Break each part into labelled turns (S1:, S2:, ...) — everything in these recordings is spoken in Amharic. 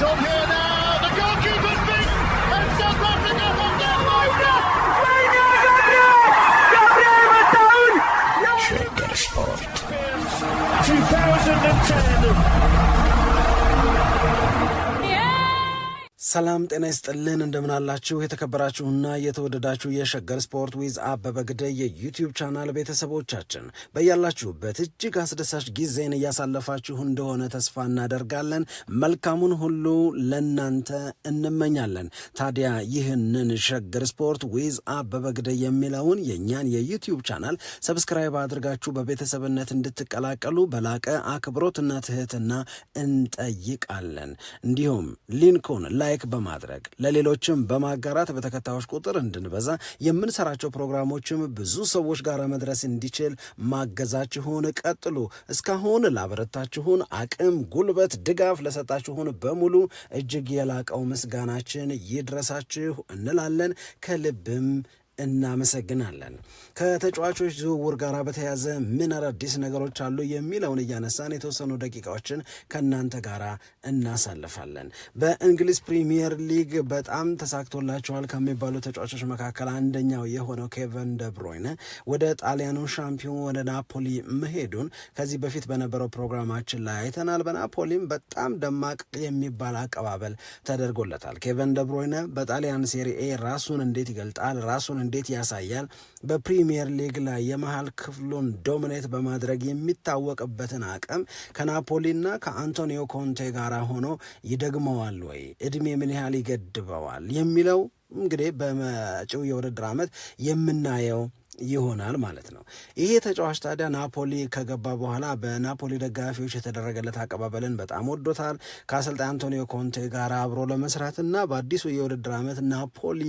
S1: Joe here.
S2: ሰላም ጤና ይስጥልን እንደምናላችሁ የተከበራችሁና የተወደዳችሁ የሸገር ስፖርት ዊዝ አበበ ግደይ የዩቲዩብ ቻናል ቤተሰቦቻችን በያላችሁበት እጅግ አስደሳች ጊዜን እያሳለፋችሁ እንደሆነ ተስፋ እናደርጋለን። መልካሙን ሁሉ ለናንተ እንመኛለን። ታዲያ ይህንን ሸገር ስፖርት ዊዝ አበበ ግደይ የሚለውን የእኛን የዩቲዩብ ቻናል ሰብስክራይብ አድርጋችሁ በቤተሰብነት እንድትቀላቀሉ በላቀ አክብሮትና ትህትና እንጠይቃለን። እንዲሁም ሊንኮን ላይክ ላይክ በማድረግ ለሌሎችም በማጋራት በተከታዮች ቁጥር እንድንበዛ የምንሰራቸው ፕሮግራሞችም ብዙ ሰዎች ጋር መድረስ እንዲችል ማገዛችሁን ቀጥሉ። እስካሁን ላበረታችሁን አቅም፣ ጉልበት፣ ድጋፍ ለሰጣችሁን በሙሉ እጅግ የላቀው ምስጋናችን ይድረሳችሁ እንላለን ከልብም እናመሰግናለን። ከተጫዋቾች ዝውውር ጋር በተያዘ ምን አዳዲስ ነገሮች አሉ የሚለውን እያነሳን የተወሰኑ ደቂቃዎችን ከእናንተ ጋር እናሳልፋለን። በእንግሊዝ ፕሪሚየር ሊግ በጣም ተሳክቶላቸዋል ከሚባሉ ተጫዋቾች መካከል አንደኛው የሆነው ኬቨን ደብሮይነ ወደ ጣሊያኑ ሻምፒዮን ወደ ናፖሊ መሄዱን ከዚህ በፊት በነበረው ፕሮግራማችን ላይ አይተናል። በናፖሊም በጣም ደማቅ የሚባል አቀባበል ተደርጎለታል። ኬቨን ደብሮይነ በጣሊያን ሴሪኤ ራሱን እንዴት ይገልጣል ራሱን እንዴት ያሳያል። በፕሪሚየር ሊግ ላይ የመሃል ክፍሉን ዶሚኔት በማድረግ የሚታወቅበትን አቅም ከናፖሊና ከአንቶኒዮ ኮንቴ ጋር ሆኖ ይደግመዋል ወይ? እድሜ ምን ያህል ይገድበዋል የሚለው እንግዲህ በመጪው የውድድር ዓመት የምናየው ይሆናል ማለት ነው። ይሄ ተጫዋች ታዲያ ናፖሊ ከገባ በኋላ በናፖሊ ደጋፊዎች የተደረገለት አቀባበልን በጣም ወዶታል። ከአሰልጣኝ አንቶኒዮ ኮንቴ ጋር አብሮ ለመስራትና በአዲሱ የውድድር ዓመት ናፖሊ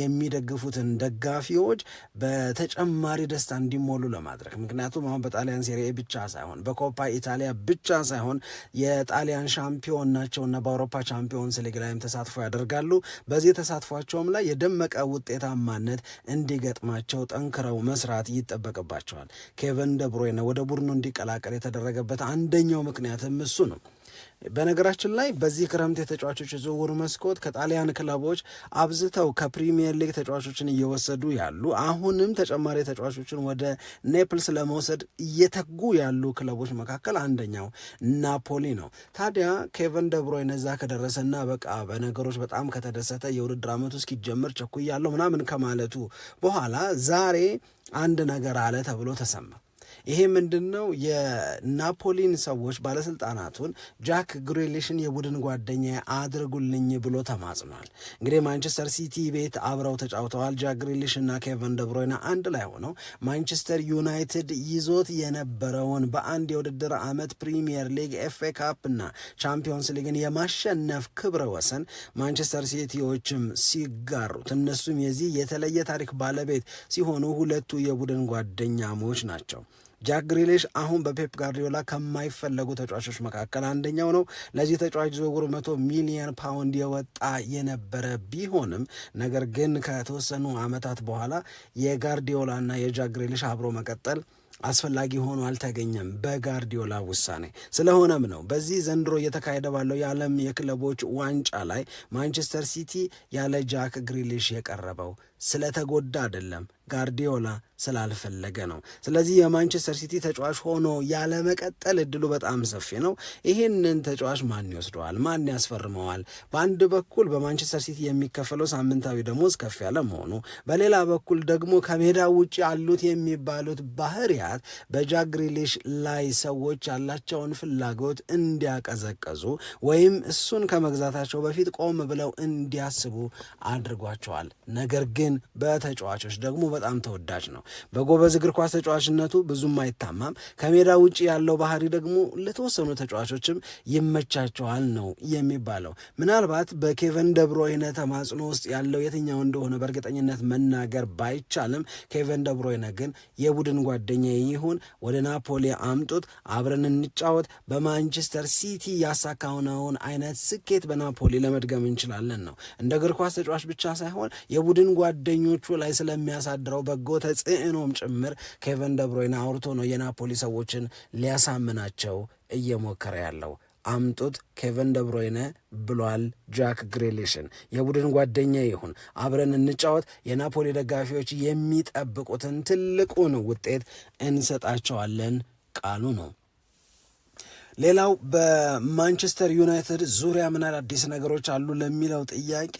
S2: የሚደግፉትን ደጋፊዎች በተጨማሪ ደስታ እንዲሞሉ ለማድረግ ምክንያቱም አሁን በጣሊያን ሴሪኤ ብቻ ሳይሆን በኮፓ ኢታሊያ ብቻ ሳይሆን የጣሊያን ሻምፒዮን ናቸውና በአውሮፓ ቻምፒዮንስ ሊግ ላይም ተሳትፎ ያደርጋሉ። በዚህ ተሳትፏቸውም ላይ የደመቀ ውጤታማነት እንዲገጥማቸው ጠንክረው ጠንክረው መስራት ይጠበቅባቸዋል። ኬቨን ደብሮይነ ወደ ቡድኑ እንዲቀላቀል የተደረገበት አንደኛው ምክንያትም እሱ ነው። በነገራችን ላይ በዚህ ክረምት የተጫዋቾች የዝውውሩ መስኮት ከጣሊያን ክለቦች አብዝተው ከፕሪሚየር ሊግ ተጫዋቾችን እየወሰዱ ያሉ አሁንም ተጨማሪ ተጫዋቾችን ወደ ኔፕልስ ለመውሰድ እየተጉ ያሉ ክለቦች መካከል አንደኛው ናፖሊ ነው። ታዲያ ኬቨን ደብሮይነ እዛ ከደረሰና በቃ በነገሮች በጣም ከተደሰተ የውድድር ዓመቱ እስኪጀምር ቸኩያለሁ ምናምን ከማለቱ በኋላ ዛሬ አንድ ነገር አለ ተብሎ ተሰማ። ይሄ ምንድን ነው? የናፖሊን ሰዎች ባለስልጣናቱን ጃክ ግሪሊሽን የቡድን ጓደኛ አድርጉልኝ ብሎ ተማጽኗል። እንግዲህ ማንቸስተር ሲቲ ቤት አብረው ተጫውተዋል። ጃክ ግሪሊሽ እና ኬቨን ደብሮይና አንድ ላይ ሆነው ማንቸስተር ዩናይትድ ይዞት የነበረውን በአንድ የውድድር ዓመት ፕሪሚየር ሊግ፣ ኤፍ ኤ ካፕ እና ቻምፒዮንስ ሊግን የማሸነፍ ክብረ ወሰን ማንቸስተር ሲቲዎችም ሲጋሩት እነሱም የዚህ የተለየ ታሪክ ባለቤት ሲሆኑ ሁለቱ የቡድን ጓደኛሞች ናቸው። ጃክ ግሪሊሽ አሁን በፔፕ ጋርዲዮላ ከማይፈለጉ ተጫዋቾች መካከል አንደኛው ነው። ለዚህ ተጫዋች ዝውውሩ መቶ ሚሊየን ፓውንድ የወጣ የነበረ ቢሆንም ነገር ግን ከተወሰኑ ዓመታት በኋላ የጋርዲዮላና የጃክ ግሪሊሽ አብሮ መቀጠል አስፈላጊ ሆኖ አልተገኘም በጋርዲዮላ ውሳኔ። ስለሆነም ነው በዚህ ዘንድሮ እየተካሄደ ባለው የዓለም የክለቦች ዋንጫ ላይ ማንቸስተር ሲቲ ያለ ጃክ ግሪሊሽ የቀረበው ስለተጎዳ አይደለም፣ ጋርዲዮላ ስላልፈለገ ነው። ስለዚህ የማንቸስተር ሲቲ ተጫዋች ሆኖ ያለመቀጠል እድሉ በጣም ሰፊ ነው። ይህንን ተጫዋች ማን ይወስደዋል? ማን ያስፈርመዋል? በአንድ በኩል በማንቸስተር ሲቲ የሚከፈለው ሳምንታዊ ደሞዝ ከፍ ያለ መሆኑ፣ በሌላ በኩል ደግሞ ከሜዳ ውጭ ያሉት የሚባሉት ባህሪያት በጃክ ግሪሊሽ ላይ ሰዎች ያላቸውን ፍላጎት እንዲያቀዘቀዙ ወይም እሱን ከመግዛታቸው በፊት ቆም ብለው እንዲያስቡ አድርጓቸዋል። ነገር ግን ግን በተጫዋቾች ደግሞ በጣም ተወዳጅ ነው። በጎበዝ እግር ኳስ ተጫዋችነቱ ብዙም አይታማም። ከሜዳ ውጭ ያለው ባህሪ ደግሞ ለተወሰኑ ተጫዋቾችም ይመቻቸዋል ነው የሚባለው። ምናልባት በኬቨን ደብሮይነ ተማጽኖ ውስጥ ያለው የትኛው እንደሆነ በእርግጠኝነት መናገር ባይቻልም ኬቨን ደብሮይነ ግን የቡድን ጓደኛ ይሁን፣ ወደ ናፖሊ አምጡት፣ አብረን እንጫወት፣ በማንቸስተር ሲቲ ያሳካውነውን አይነት ስኬት በናፖሊ ለመድገም እንችላለን ነው እንደ እግር ኳስ ተጫዋች ብቻ ሳይሆን የቡድን ጓደ በጓደኞቹ ላይ ስለሚያሳድረው በጎ ተጽዕኖም ጭምር ኬቨን ደብሮይን አውርቶ ነው የናፖሊ ሰዎችን ሊያሳምናቸው እየሞከረ ያለው። አምጡት ኬቨን ደብሮይነ ብሏል ጃክ ግሬሊሽን። የቡድን ጓደኛ ይሁን፣ አብረን እንጫወት። የናፖሊ ደጋፊዎች የሚጠብቁትን ትልቁን ውጤት እንሰጣቸዋለን ቃሉ ነው። ሌላው በማንቸስተር ዩናይትድ ዙሪያ ምን አዳዲስ ነገሮች አሉ ለሚለው ጥያቄ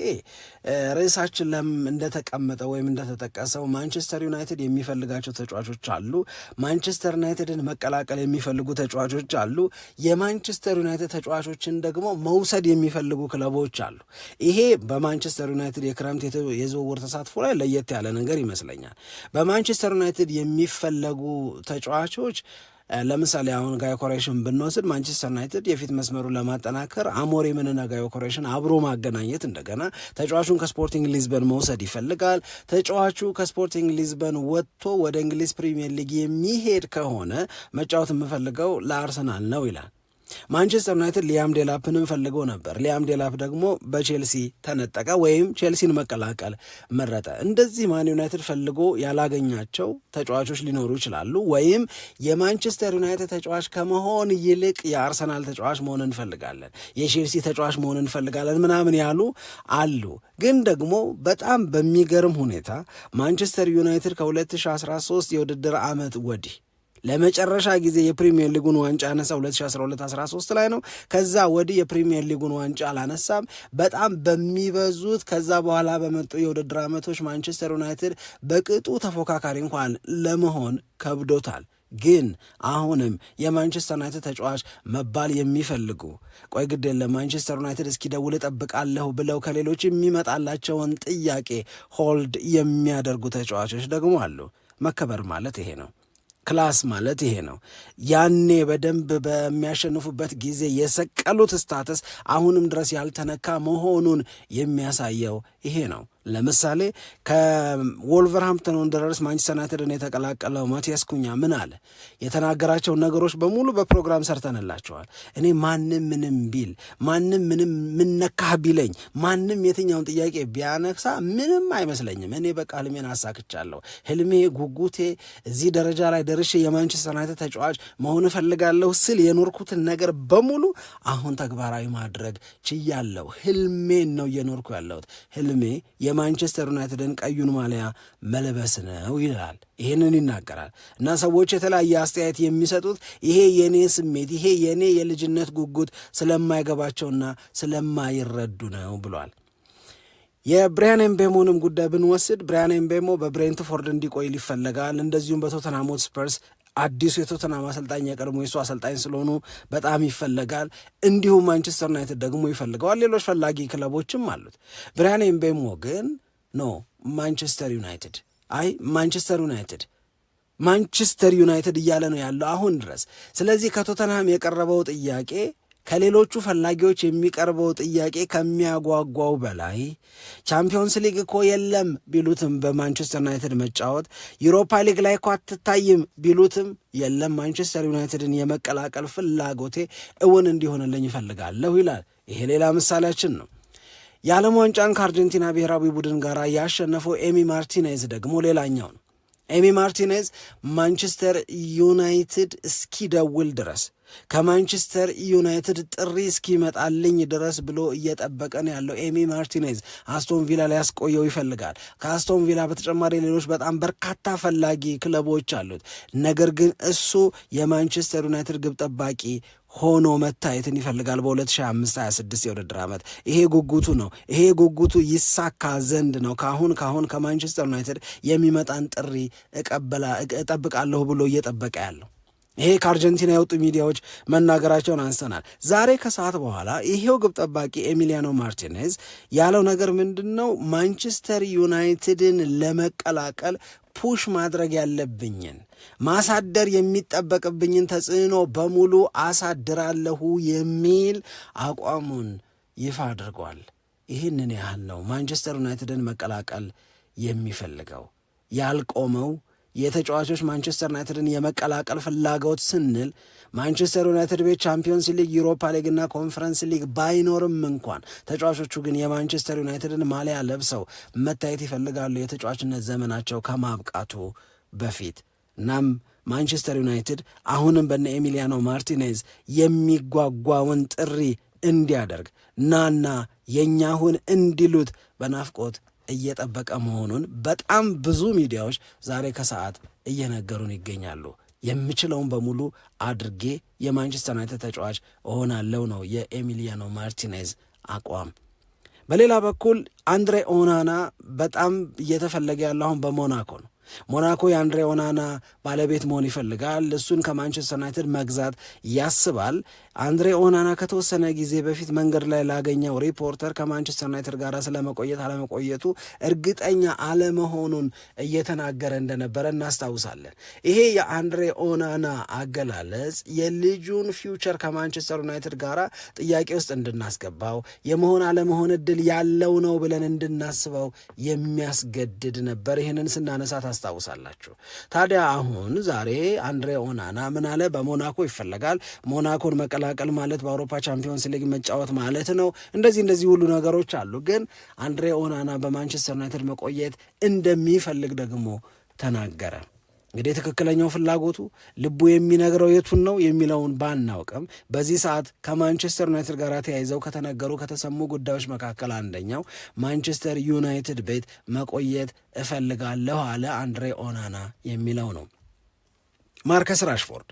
S2: ርዕሳችን ለም እንደተቀመጠ ወይም እንደተጠቀሰው ማንቸስተር ዩናይትድ የሚፈልጋቸው ተጫዋቾች አሉ። ማንቸስተር ዩናይትድን መቀላቀል የሚፈልጉ ተጫዋቾች አሉ። የማንቸስተር ዩናይትድ ተጫዋቾችን ደግሞ መውሰድ የሚፈልጉ ክለቦች አሉ። ይሄ በማንቸስተር ዩናይትድ የክረምት የዝውውር ተሳትፎ ላይ ለየት ያለ ነገር ይመስለኛል። በማንቸስተር ዩናይትድ የሚፈለጉ ተጫዋቾች ለምሳሌ አሁን ጋዮ ኮሬሽን ብንወስድ ማንቸስተር ዩናይትድ የፊት መስመሩን ለማጠናከር አሞሪምንና ጋዮ ኮሬሽን አብሮ ማገናኘት እንደገና ተጫዋቹን ከስፖርቲንግ ሊዝበን መውሰድ ይፈልጋል። ተጫዋቹ ከስፖርቲንግ ሊዝበን ወጥቶ ወደ እንግሊዝ ፕሪሚየር ሊግ የሚሄድ ከሆነ መጫወት የምፈልገው ለአርሰናል ነው ይላል። ማንቸስተር ዩናይትድ ሊያም ዴላፕንም ፈልገው ነበር። ሊያም ዴላፕ ደግሞ በቼልሲ ተነጠቀ ወይም ቼልሲን መቀላቀል መረጠ። እንደዚህ ማን ዩናይትድ ፈልጎ ያላገኛቸው ተጫዋቾች ሊኖሩ ይችላሉ። ወይም የማንቸስተር ዩናይትድ ተጫዋች ከመሆን ይልቅ የአርሰናል ተጫዋች መሆን እንፈልጋለን፣ የቼልሲ ተጫዋች መሆን እንፈልጋለን ምናምን ያሉ አሉ። ግን ደግሞ በጣም በሚገርም ሁኔታ ማንቸስተር ዩናይትድ ከ2013 የውድድር ዓመት ወዲህ ለመጨረሻ ጊዜ የፕሪሚየር ሊጉን ዋንጫ ያነሳ 2012/13 ላይ ነው። ከዛ ወዲህ የፕሪሚየር ሊጉን ዋንጫ አላነሳም። በጣም በሚበዙት ከዛ በኋላ በመጡ የውድድር ዓመቶች ማንቸስተር ዩናይትድ በቅጡ ተፎካካሪ እንኳን ለመሆን ከብዶታል። ግን አሁንም የማንቸስተር ዩናይትድ ተጫዋች መባል የሚፈልጉ ቆይ ግድ የለም ማንቸስተር ዩናይትድ እስኪደውል እጠብቃለሁ ብለው ከሌሎች የሚመጣላቸውን ጥያቄ ሆልድ የሚያደርጉ ተጫዋቾች ደግሞ አሉ። መከበር ማለት ይሄ ነው። ክላስ ማለት ይሄ ነው። ያኔ በደንብ በሚያሸንፉበት ጊዜ የሰቀሉት ስታተስ አሁንም ድረስ ያልተነካ መሆኑን የሚያሳየው ይሄ ነው። ለምሳሌ ከወልቨርሃምፕተን ወንደረርስ ማንቸስተር ዩናይትድን የተቀላቀለው ማቲያስ ኩኛ ምን አለ? የተናገራቸው ነገሮች በሙሉ በፕሮግራም ሰርተንላቸዋል። እኔ ማንም ምንም ቢል ማንም ምንም ምነካህ ቢለኝ ማንም የትኛውን ጥያቄ ቢያነሳ ምንም አይመስለኝም። እኔ በቃ ህልሜን አሳክቻለሁ። ህልሜ ጉጉቴ፣ እዚህ ደረጃ ላይ ደርሼ የማንቸስተር ዩናይትድ ተጫዋች መሆን እፈልጋለሁ ስል የኖርኩትን ነገር በሙሉ አሁን ተግባራዊ ማድረግ ችያለሁ። ህልሜን ነው እየኖርኩ ያለሁት። ህልሜ የማንቸስተር ዩናይትድን ቀዩን ማሊያ መልበስ ነው ይላል። ይህንን ይናገራል እና ሰዎች የተለያየ አስተያየት የሚሰጡት ይሄ የእኔ ስሜት ይሄ የእኔ የልጅነት ጉጉት ስለማይገባቸውና ስለማይረዱ ነው ብሏል። የብሪያን ኤምቤሞንም ጉዳይ ብንወስድ ብሪያን ኤምቤሞ በብሬንትፎርድ እንዲቆይ ይፈለጋል። እንደዚሁም በቶተናም ሆትስፐርስ አዲሱ የቶተናም አሰልጣኝ የቀድሞ የሱ አሰልጣኝ ስለሆኑ በጣም ይፈለጋል። እንዲሁም ማንቸስተር ዩናይትድ ደግሞ ይፈልገዋል። ሌሎች ፈላጊ ክለቦችም አሉት። ብሪያን ኤምቤሞ ግን ኖ ማንቸስተር ዩናይትድ አይ ማንቸስተር ዩናይትድ ማንቸስተር ዩናይትድ እያለ ነው ያለው አሁን ድረስ። ስለዚህ ከቶተናም የቀረበው ጥያቄ ከሌሎቹ ፈላጊዎች የሚቀርበው ጥያቄ ከሚያጓጓው በላይ ቻምፒዮንስ ሊግ እኮ የለም ቢሉትም በማንቸስተር ዩናይትድ መጫወት ዩሮፓ ሊግ ላይ እኮ አትታይም ቢሉትም የለም ማንቸስተር ዩናይትድን የመቀላቀል ፍላጎቴ እውን እንዲሆንልኝ ይፈልጋለሁ ይላል። ይሄ ሌላ ምሳሌያችን ነው። የዓለም ዋንጫን ከአርጀንቲና ብሔራዊ ቡድን ጋር ያሸነፈው ኤሚ ማርቲኔዝ ደግሞ ሌላኛው ነው። ኤሚ ማርቲኔዝ ማንቸስተር ዩናይትድ እስኪደውል ድረስ ከማንቸስተር ዩናይትድ ጥሪ እስኪመጣልኝ ድረስ ብሎ እየጠበቀን ያለው። ኤሚ ማርቲኔዝ አስቶን ቪላ ሊያስቆየው ይፈልጋል። ከአስቶን ቪላ በተጨማሪ ሌሎች በጣም በርካታ ፈላጊ ክለቦች አሉት። ነገር ግን እሱ የማንቸስተር ዩናይትድ ግብ ጠባቂ ሆኖ መታየትን ይፈልጋል። በ2025/26 የውድድር ዓመት ይሄ ጉጉቱ ነው። ይሄ ጉጉቱ ይሳካ ዘንድ ነው ካሁን ካሁን ከማንቸስተር ዩናይትድ የሚመጣን ጥሪ እቀበላ እጠብቃለሁ ብሎ እየጠበቀ ያለው ይሄ ከአርጀንቲና የወጡ ሚዲያዎች መናገራቸውን አንስተናል። ዛሬ ከሰዓት በኋላ ይሄው ግብ ጠባቂ ኤሚሊያኖ ማርቲኔዝ ያለው ነገር ምንድን ነው? ማንቸስተር ዩናይትድን ለመቀላቀል ፑሽ ማድረግ ያለብኝን ማሳደር የሚጠበቅብኝን ተጽዕኖ በሙሉ አሳድራለሁ የሚል አቋሙን ይፋ አድርጓል። ይህንን ያህል ነው ማንቸስተር ዩናይትድን መቀላቀል የሚፈልገው ያልቆመው የተጫዋቾች ማንቸስተር ዩናይትድን የመቀላቀል ፍላጎት ስንል ማንቸስተር ዩናይትድ ቤት ቻምፒዮንስ ሊግ፣ ዩሮፓ ሊግና ኮንፈረንስ ሊግ ባይኖርም እንኳን ተጫዋቾቹ ግን የማንቸስተር ዩናይትድን ማሊያ ለብሰው መታየት ይፈልጋሉ የተጫዋችነት ዘመናቸው ከማብቃቱ በፊት እናም ማንቸስተር ዩናይትድ አሁንም በነ ኤሚሊያኖ ማርቲኔዝ የሚጓጓውን ጥሪ እንዲያደርግ ናና የእኛሁን ሁን እንዲሉት በናፍቆት እየጠበቀ መሆኑን በጣም ብዙ ሚዲያዎች ዛሬ ከሰዓት እየነገሩን ይገኛሉ። የምችለውን በሙሉ አድርጌ የማንቸስተር ዩናይትድ ተጫዋች እሆናለሁ ነው የኤሚሊያኖ ማርቲኔዝ አቋም። በሌላ በኩል አንድሬ ኦናና በጣም እየተፈለገ ያለው አሁን በሞናኮ ነው። ሞናኮ የአንድሬ ኦናና ባለቤት መሆን ይፈልጋል። እሱን ከማንቸስተር ዩናይትድ መግዛት ያስባል። አንድሬ ኦናና ከተወሰነ ጊዜ በፊት መንገድ ላይ ላገኘው ሪፖርተር ከማንቸስተር ዩናይትድ ጋር ስለመቆየት አለመቆየቱ እርግጠኛ አለመሆኑን እየተናገረ እንደነበረ እናስታውሳለን። ይሄ የአንድሬ ኦናና አገላለጽ የልጁን ፊውቸር ከማንቸስተር ዩናይትድ ጋር ጥያቄ ውስጥ እንድናስገባው የመሆን አለመሆን እድል ያለው ነው ብለን እንድናስበው የሚያስገድድ ነበር። ይህንን ስናነሳ ታስ ታስታውሳላችሁ። ታዲያ አሁን ዛሬ አንድሬ ኦናና ምን አለ? በሞናኮ ይፈለጋል። ሞናኮን መቀላቀል ማለት በአውሮፓ ቻምፒዮንስ ሊግ መጫወት ማለት ነው። እንደዚህ እንደዚህ ሁሉ ነገሮች አሉ። ግን አንድሬ ኦናና በማንቸስተር ዩናይትድ መቆየት እንደሚፈልግ ደግሞ ተናገረ። እንግዲህ ትክክለኛው ፍላጎቱ ልቡ የሚነግረው የቱን ነው የሚለውን ባናውቅም በዚህ ሰዓት ከማንቸስተር ዩናይትድ ጋር ተያይዘው ከተነገሩ ከተሰሙ ጉዳዮች መካከል አንደኛው ማንቸስተር ዩናይትድ ቤት መቆየት እፈልጋለሁ አለ አንድሬ ኦናና የሚለው ነው። ማርከስ ራሽፎርድ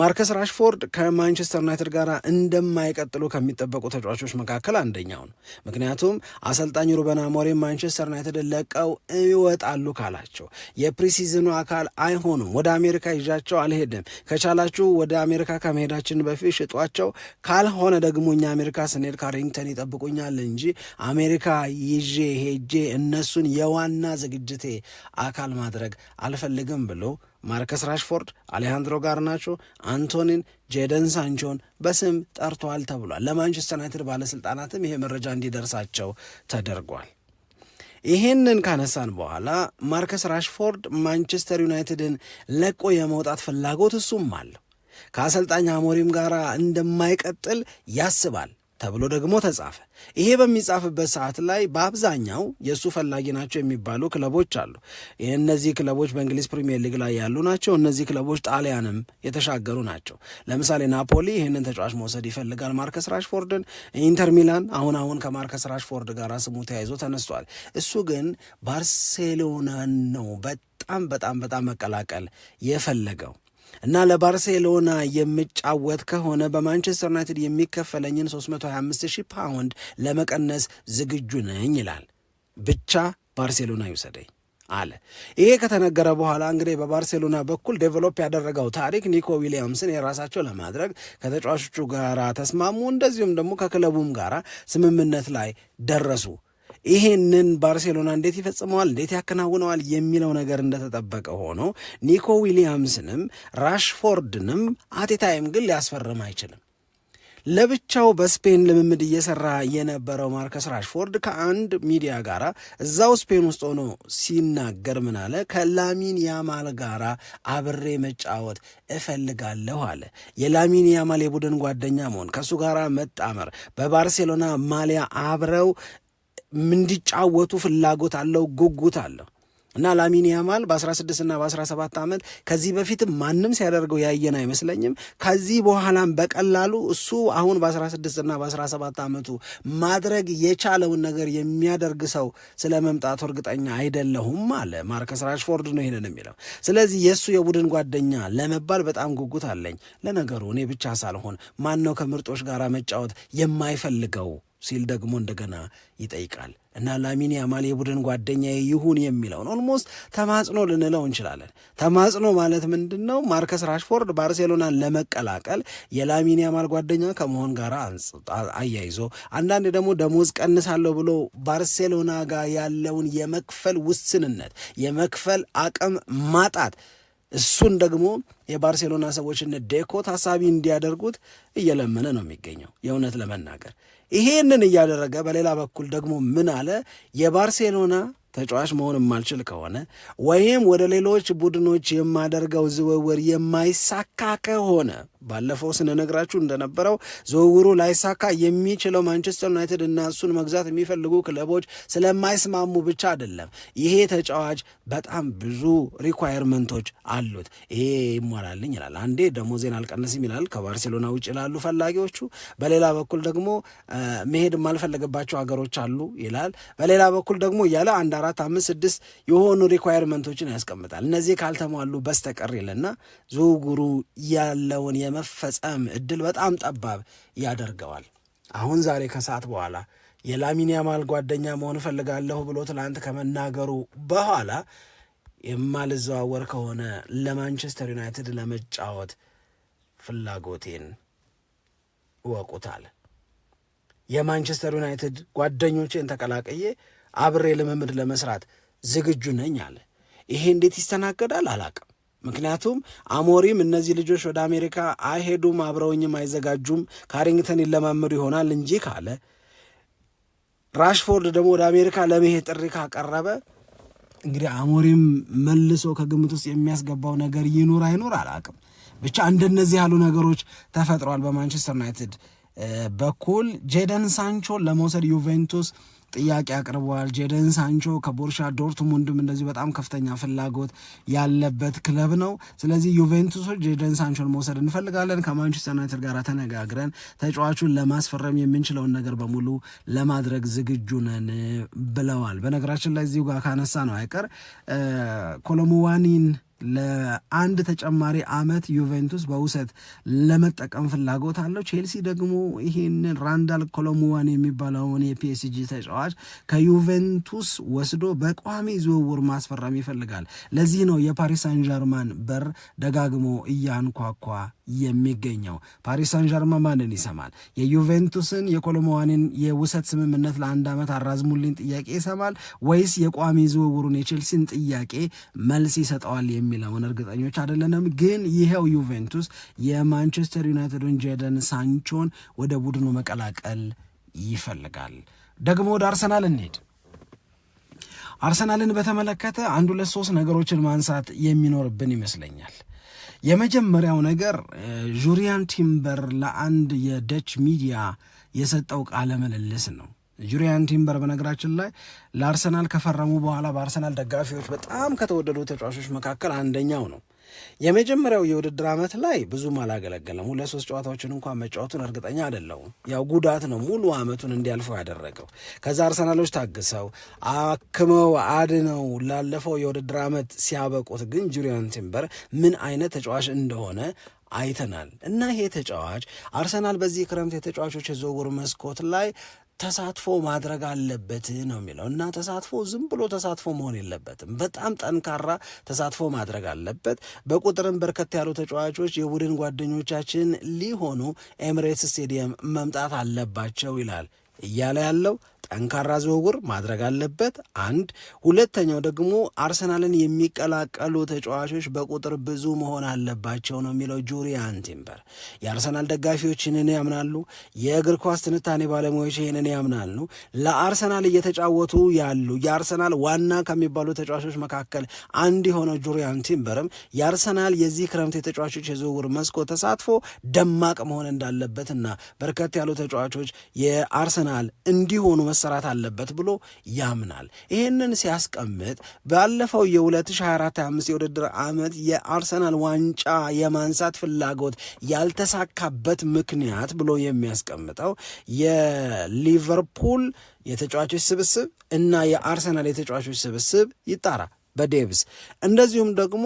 S2: ማርከስ ራሽፎርድ ከማንቸስተር ዩናይትድ ጋር እንደማይቀጥሉ ከሚጠበቁ ተጫዋቾች መካከል አንደኛው ነው። ምክንያቱም አሰልጣኝ ሩበን አሞሪም ማንቸስተር ዩናይትድ ለቀው ይወጣሉ ካላቸው የፕሪሲዝኑ አካል አይሆኑም፣ ወደ አሜሪካ ይዣቸው አልሄድም፣ ከቻላችሁ ወደ አሜሪካ ከመሄዳችን በፊት ሽጧቸው፣ ካልሆነ ደግሞ እኛ አሜሪካ ስንሄድ ካሪንግተን ይጠብቁኛል እንጂ አሜሪካ ይዤ ሄጄ እነሱን የዋና ዝግጅቴ አካል ማድረግ አልፈልግም ብሎ ማርከስ ራሽፎርድ፣ አሌሃንድሮ ጋርናቾ፣ አንቶኒን፣ ጄደን ሳንቾን በስም ጠርተዋል ተብሏል። ለማንቸስተር ዩናይትድ ባለስልጣናትም ይሄ መረጃ እንዲደርሳቸው ተደርጓል። ይሄንን ካነሳን በኋላ ማርከስ ራሽፎርድ ማንቸስተር ዩናይትድን ለቆ የመውጣት ፍላጎት እሱም አለው። ከአሰልጣኝ አሞሪም ጋር እንደማይቀጥል ያስባል። ተብሎ ደግሞ ተጻፈ። ይሄ በሚጻፍበት ሰዓት ላይ በአብዛኛው የእሱ ፈላጊ ናቸው የሚባሉ ክለቦች አሉ። እነዚህ ክለቦች በእንግሊዝ ፕሪሚየር ሊግ ላይ ያሉ ናቸው። እነዚህ ክለቦች ጣሊያንም የተሻገሩ ናቸው። ለምሳሌ ናፖሊ ይህንን ተጫዋች መውሰድ ይፈልጋል ማርከስ ራሽፎርድን። ኢንተር ሚላን አሁን አሁን ከማርከስ ራሽፎርድ ጋር ስሙ ተያይዞ ተነስቷል። እሱ ግን ባርሴሎናን ነው በጣም በጣም በጣም መቀላቀል የፈለገው እና ለባርሴሎና የምጫወት ከሆነ በማንቸስተር ዩናይትድ የሚከፈለኝን 325 ፓውንድ ለመቀነስ ዝግጁ ነኝ ይላል። ብቻ ባርሴሎና ይውሰደኝ አለ። ይሄ ከተነገረ በኋላ እንግዲህ በባርሴሎና በኩል ዴቨሎፕ ያደረገው ታሪክ ኒኮ ዊሊያምስን የራሳቸው ለማድረግ ከተጫዋቾቹ ጋር ተስማሙ። እንደዚሁም ደግሞ ከክለቡም ጋር ስምምነት ላይ ደረሱ። ይሄንን ባርሴሎና እንዴት ይፈጽመዋል፣ እንዴት ያከናውነዋል የሚለው ነገር እንደተጠበቀ ሆኖ ኒኮ ዊሊያምስንም ራሽፎርድንም አቴታይም ግን ሊያስፈርም አይችልም። ለብቻው በስፔን ልምምድ እየሰራ የነበረው ማርከስ ራሽፎርድ ከአንድ ሚዲያ ጋር እዛው ስፔን ውስጥ ሆኖ ሲናገር ምን አለ? ከላሚን ያማል ጋር አብሬ መጫወት እፈልጋለሁ አለ። የላሚን ያማል የቡድን ጓደኛ መሆን፣ ከእሱ ጋር መጣመር፣ በባርሴሎና ማሊያ አብረው እንዲጫወቱ ፍላጎት አለው፣ ጉጉት አለው እና ላሚን ያማል በ16 እና በ17 ዓመት ከዚህ በፊት ማንም ሲያደርገው ያየን አይመስለኝም። ከዚህ በኋላም በቀላሉ እሱ አሁን በ16 እና በ17 ዓመቱ ማድረግ የቻለውን ነገር የሚያደርግ ሰው ስለ መምጣቱ እርግጠኛ አይደለሁም አለ ማርከስ ራሽፎርድ ነው ይህንን የሚለው። ስለዚህ የእሱ የቡድን ጓደኛ ለመባል በጣም ጉጉት አለኝ። ለነገሩ እኔ ብቻ ሳልሆን ማን ነው ከምርጦች ጋር መጫወት የማይፈልገው ሲል ደግሞ እንደገና ይጠይቃል እና ላሚን ያማል የቡድን ጓደኛ ይሁን የሚለውን ኦልሞስት ተማጽኖ ልንለው እንችላለን። ተማጽኖ ማለት ምንድን ነው? ማርከስ ራሽፎርድ ባርሴሎናን ለመቀላቀል የላሚን ያማል ጓደኛ ከመሆን ጋር አያይዞ አንዳንድ ደግሞ ደሞዝ ቀንሳለሁ ብሎ ባርሴሎና ጋር ያለውን የመክፈል ውስንነት፣ የመክፈል አቅም ማጣት እሱን ደግሞ የባርሴሎና ሰዎች እነ ዴኮ ታሳቢ እንዲያደርጉት እየለመነ ነው የሚገኘው የእውነት ለመናገር ይሄንን እያደረገ በሌላ በኩል ደግሞ ምን አለ? የባርሴሎና ተጫዋች መሆን የማልችል ከሆነ ወይም ወደ ሌሎች ቡድኖች የማደርገው ዝውውር የማይሳካ ከሆነ ባለፈው ስንነግራችሁ እንደነበረው ዝውውሩ ላይሳካ የሚችለው ማንቸስተር ዩናይትድ እና እሱን መግዛት የሚፈልጉ ክለቦች ስለማይስማሙ ብቻ አይደለም። ይሄ ተጫዋች በጣም ብዙ ሪኳየርመንቶች አሉት። ይሄ ይሟላልኝ ይላል። አንዴ ደሞዜን አልቀንስም ይላል ከባርሴሎና ውጭ ላሉ ፈላጊዎቹ። በሌላ በኩል ደግሞ መሄድ የማልፈለገባቸው ሀገሮች አሉ ይላል። በሌላ በኩል ደግሞ እያለ አንድ አራት አምስት ስድስት የሆኑ ሪኳየርመንቶችን ያስቀምጣል። እነዚህ ካልተሟሉ በስተቀር ይልና ዝውውሩ ያለውን የመፈጸም እድል በጣም ጠባብ ያደርገዋል። አሁን ዛሬ ከሰዓት በኋላ የላሚን ያማል ጓደኛ መሆን እፈልጋለሁ ብሎ ትናንት ከመናገሩ በኋላ የማልዘዋወር ከሆነ ለማንቸስተር ዩናይትድ ለመጫወት ፍላጎቴን እወቁታል። የማንቸስተር ዩናይትድ ጓደኞቼን ተቀላቀዬ አብሬ ልምምድ ለመስራት ዝግጁ ነኝ አለ። ይሄ እንዴት ይስተናገዳል አላቅም። ምክንያቱም አሞሪም እነዚህ ልጆች ወደ አሜሪካ አይሄዱም፣ አብረውኝም አይዘጋጁም፣ ካሪንግተን ይለማመዱ ይሆናል እንጂ ካለ ራሽፎርድ ደግሞ ወደ አሜሪካ ለመሄድ ጥሪ ካቀረበ እንግዲህ አሞሪም መልሶ ከግምት ውስጥ የሚያስገባው ነገር ይኑር አይኑር አላቅም። ብቻ እንደነዚህ ያሉ ነገሮች ተፈጥሯል በማንቸስተር ዩናይትድ በኩል ጄደን ሳንቾን ለመውሰድ ዩቬንቱስ ጥያቄ አቅርበዋል። ጄደን ሳንቾ ከቦርሻ ዶርትሙንድም እንደዚሁ በጣም ከፍተኛ ፍላጎት ያለበት ክለብ ነው። ስለዚህ ዩቬንቱሶች ጄደን ሳንቾን መውሰድ እንፈልጋለን፣ ከማንቸስተር ዩናይትድ ጋር ተነጋግረን ተጫዋቹን ለማስፈረም የምንችለውን ነገር በሙሉ ለማድረግ ዝግጁ ነን ብለዋል። በነገራችን ላይ እዚሁ ጋር ካነሳ ነው አይቀር ኮሎሙዋኒን ለአንድ ተጨማሪ ዓመት ዩቬንቱስ በውሰት ለመጠቀም ፍላጎት አለው። ቼልሲ ደግሞ ይህንን ራንዳል ኮሎሙዋን የሚባለውን የፒኤስጂ ተጫዋች ከዩቬንቱስ ወስዶ በቋሚ ዝውውር ማስፈረም ይፈልጋል። ለዚህ ነው የፓሪስ ሳን ዠርማን በር ደጋግሞ እያንኳኳ የሚገኘው። ፓሪስ ሳን ዠርማን ማንን ይሰማል? የዩቬንቱስን የኮሎሙዋንን የውሰት ስምምነት ለአንድ ዓመት አራዝሙልኝ ጥያቄ ይሰማል ወይስ የቋሚ ዝውውሩን የቼልሲን ጥያቄ መልስ ይሰጠዋል? የሚለውን እርግጠኞች አይደለንም። ግን ይኸው ዩቬንቱስ የማንቸስተር ዩናይትድን ጄደን ሳንቾን ወደ ቡድኑ መቀላቀል ይፈልጋል። ደግሞ ወደ አርሰናል እንሄድ። አርሰናልን በተመለከተ አንድ ሁለት ሶስት ነገሮችን ማንሳት የሚኖርብን ይመስለኛል። የመጀመሪያው ነገር ጁሪያን ቲምበር ለአንድ የደች ሚዲያ የሰጠው ቃለ ምልልስ ነው። ዩሪያን ቲምበር በነገራችን ላይ ለአርሰናል ከፈረሙ በኋላ በአርሰናል ደጋፊዎች በጣም ከተወደዱ ተጫዋቾች መካከል አንደኛው ነው። የመጀመሪያው የውድድር ዓመት ላይ ብዙም አላገለገለም። ሁለት ሶስት ጨዋታዎችን እንኳን መጫወቱን እርግጠኛ አይደለሁም። ያው ጉዳት ነው ሙሉ ዓመቱን እንዲያልፈው ያደረገው። ከዛ አርሰናሎች ታግሰው አክመው አድነው ላለፈው የውድድር ዓመት ሲያበቁት ግን ጁሪያን ቲምበር ምን አይነት ተጫዋች እንደሆነ አይተናል እና ይሄ ተጫዋች አርሰናል በዚህ ክረምት የተጫዋቾች የዝውውር መስኮት ላይ ተሳትፎ ማድረግ አለበት ነው የሚለው እና ተሳትፎ ዝም ብሎ ተሳትፎ መሆን የለበትም። በጣም ጠንካራ ተሳትፎ ማድረግ አለበት። በቁጥርም በርከት ያሉ ተጫዋቾች የቡድን ጓደኞቻችን ሊሆኑ ኤምሬትስ ስቴዲየም መምጣት አለባቸው ይላል እያለ ያለው ጠንካራ ዝውውር ማድረግ አለበት። አንድ ሁለተኛው ደግሞ አርሰናልን የሚቀላቀሉ ተጫዋቾች በቁጥር ብዙ መሆን አለባቸው ነው የሚለው ጁሪያን ቲምበር። የአርሰናል ደጋፊዎች ይህንን ያምናሉ። የእግር ኳስ ትንታኔ ባለሙያዎች ይህንን ያምናሉ። ለአርሰናል እየተጫወቱ ያሉ የአርሰናል ዋና ከሚባሉ ተጫዋቾች መካከል አንድ የሆነው ጁሪያን ቲምበርም የአርሰናል የዚህ ክረምት የተጫዋቾች የዝውውር መስኮ ተሳትፎ ደማቅ መሆን እንዳለበትና በርከት ያሉ ተጫዋቾች የአርሰናል እንዲሆኑ መሰራት አለበት ብሎ ያምናል። ይህንን ሲያስቀምጥ ባለፈው የ2024/25 የውድድር ዓመት የአርሰናል ዋንጫ የማንሳት ፍላጎት ያልተሳካበት ምክንያት ብሎ የሚያስቀምጠው የሊቨርፑል የተጫዋቾች ስብስብ እና የአርሰናል የተጫዋቾች ስብስብ ይጣራ በዴቭስ እንደዚሁም ደግሞ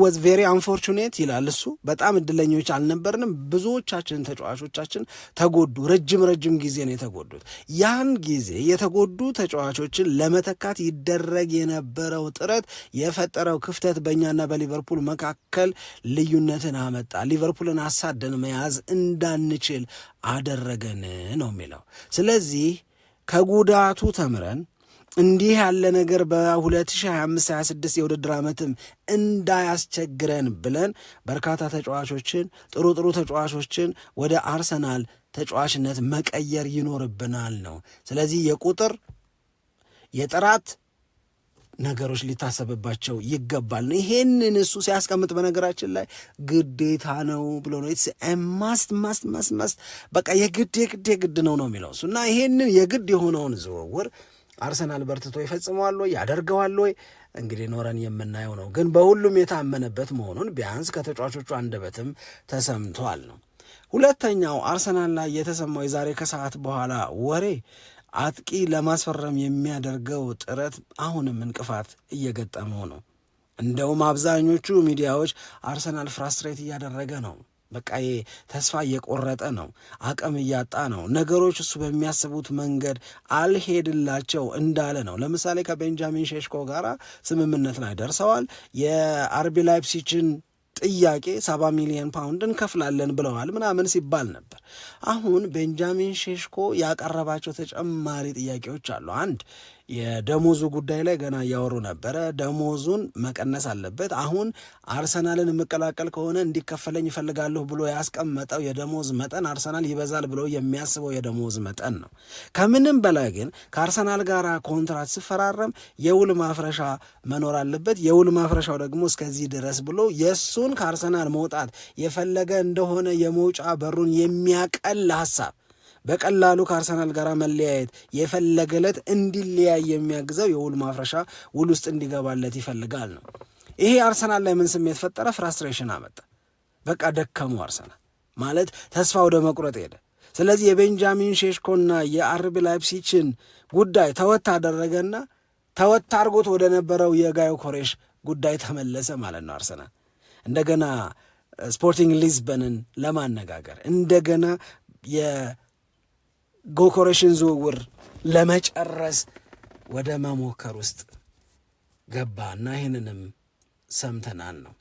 S2: ወዝ ቬሪ አንፎርቹኔት ይላል እሱ። በጣም እድለኞች አልነበርንም። ብዙዎቻችን ተጫዋቾቻችን ተጎዱ። ረጅም ረጅም ጊዜ ነው የተጎዱት። ያን ጊዜ የተጎዱ ተጫዋቾችን ለመተካት ይደረግ የነበረው ጥረት የፈጠረው ክፍተት በእኛና በሊቨርፑል መካከል ልዩነትን አመጣ። ሊቨርፑልን አሳደን መያዝ እንዳንችል አደረገን ነው የሚለው። ስለዚህ ከጉዳቱ ተምረን እንዲህ ያለ ነገር በ2025/26 የውድድር ዓመትም እንዳያስቸግረን ብለን በርካታ ተጫዋቾችን ጥሩ ጥሩ ተጫዋቾችን ወደ አርሰናል ተጫዋችነት መቀየር ይኖርብናል ነው። ስለዚህ የቁጥር የጥራት ነገሮች ሊታሰብባቸው ይገባል። ነው። ይሄንን እሱ ሲያስቀምጥ በነገራችን ላይ ግዴታ ነው ብሎ ነው ማስት ማስት ማስት ማስት በቃ የግድ የግድ የግድ ነው ነው የሚለው እሱ እና ይሄንን የግድ የሆነውን ዝውውር አርሰናል በርትቶ ይፈጽመዋል ወይ ያደርገዋል ወይ እንግዲህ ኖረን የምናየው ነው። ግን በሁሉም የታመነበት መሆኑን ቢያንስ ከተጫዋቾቹ አንደበትም ተሰምቷል ነው። ሁለተኛው አርሰናል ላይ የተሰማው የዛሬ ከሰዓት በኋላ ወሬ አጥቂ ለማስፈረም የሚያደርገው ጥረት አሁንም እንቅፋት እየገጠመው ነው። እንደውም አብዛኞቹ ሚዲያዎች አርሰናል ፍራስትሬት እያደረገ ነው በቃ ተስፋ እየቆረጠ ነው። አቅም እያጣ ነው። ነገሮች እሱ በሚያስቡት መንገድ አልሄድላቸው እንዳለ ነው። ለምሳሌ ከቤንጃሚን ሼሽኮ ጋር ስምምነት ላይ ደርሰዋል። የአርቢ ላይፕሲችን ጥያቄ ሰባ ሚሊዮን ፓውንድ እንከፍላለን ብለዋል ምናምን ሲባል ነበር። አሁን ቤንጃሚን ሼሽኮ ያቀረባቸው ተጨማሪ ጥያቄዎች አሉ። አንድ የደሞዙ ጉዳይ ላይ ገና እያወሩ ነበረ። ደሞዙን መቀነስ አለበት። አሁን አርሰናልን የምቀላቀል ከሆነ እንዲከፈለኝ ይፈልጋለሁ ብሎ ያስቀመጠው የደሞዝ መጠን አርሰናል ይበዛል ብሎ የሚያስበው የደሞዝ መጠን ነው። ከምንም በላይ ግን ከአርሰናል ጋር ኮንትራት ሲፈራረም የውል ማፍረሻ መኖር አለበት። የውል ማፍረሻው ደግሞ እስከዚህ ድረስ ብሎ የእሱን ከአርሰናል መውጣት የፈለገ እንደሆነ የመውጫ በሩን የሚያቀል ሀሳብ በቀላሉ ከአርሰናል ጋር መለያየት የፈለገ ዕለት እንዲለያይ የሚያግዘው የውል ማፍረሻ ውል ውስጥ እንዲገባለት ይፈልጋል ነው። ይሄ አርሰናል ላይ ምን ስሜት ፈጠረ? ፍራስትሬሽን አመጣ። በቃ ደከሙ አርሰናል ማለት ተስፋ ወደ መቁረጥ ሄደ። ስለዚህ የቤንጃሚን ሼሽኮና የአርቢ ላይፕሲችን ጉዳይ ተወት አደረገና ተወት አድርጎት ወደ ነበረው የጋዮ ኮሬሽ ጉዳይ ተመለሰ ማለት ነው። አርሰናል እንደገና ስፖርቲንግ ሊዝበንን ለማነጋገር እንደገና ጎኮሬሽን ዝውውር ለመጨረስ ወደ መሞከር ውስጥ ገባ እና ይህንንም ሰምተናል ነው።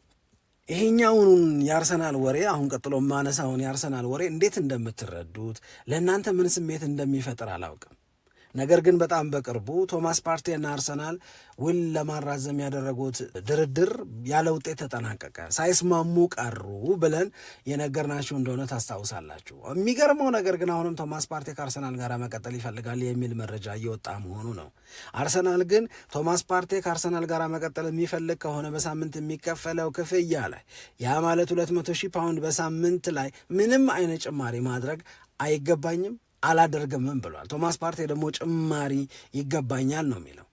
S2: ይሄኛውን የአርሰናል ወሬ አሁን ቀጥሎ ማነሳውን የአርሰናል ወሬ እንዴት እንደምትረዱት ለእናንተ ምን ስሜት እንደሚፈጥር አላውቅም። ነገር ግን በጣም በቅርቡ ቶማስ እና አርሰናል ውል ለማራዘም ያደረጉት ድርድር ያለ ውጤት ተጠናቀቀ፣ ሳይስማሙ ቀሩ ብለን የነገርናችሁ እንደሆነ ታስታውሳላችሁ። የሚገርመው ነገር ግን አሁንም ቶማስ ፓርቴ ከአርሰናል ጋር መቀጠል ይፈልጋል የሚል መረጃ እየወጣ መሆኑ ነው። አርሰናል ግን ቶማስ ፓርቴ ከአርሰናል ጋር መቀጠል የሚፈልግ ከሆነ በሳምንት የሚከፈለው ክፍያ ላይ ያ ማለት 200 ሺህ ፓውንድ በሳምንት ላይ ምንም አይነት ጭማሪ ማድረግ አይገባኝም አላደርግምም ብሏል። ቶማስ ፓርቴ ደግሞ ጭማሪ ይገባኛል ነው የሚለው።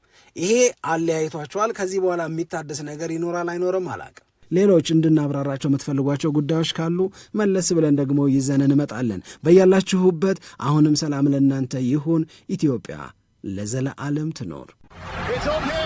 S2: ይሄ አለያይቷቸዋል። ከዚህ በኋላ የሚታደስ ነገር ይኖራል አይኖርም አላቅም። ሌሎች እንድናብራራቸው የምትፈልጓቸው ጉዳዮች ካሉ መለስ ብለን ደግሞ ይዘን እንመጣለን። በያላችሁበት አሁንም ሰላም ለእናንተ ይሁን። ኢትዮጵያ ለዘለዓለም ትኖር።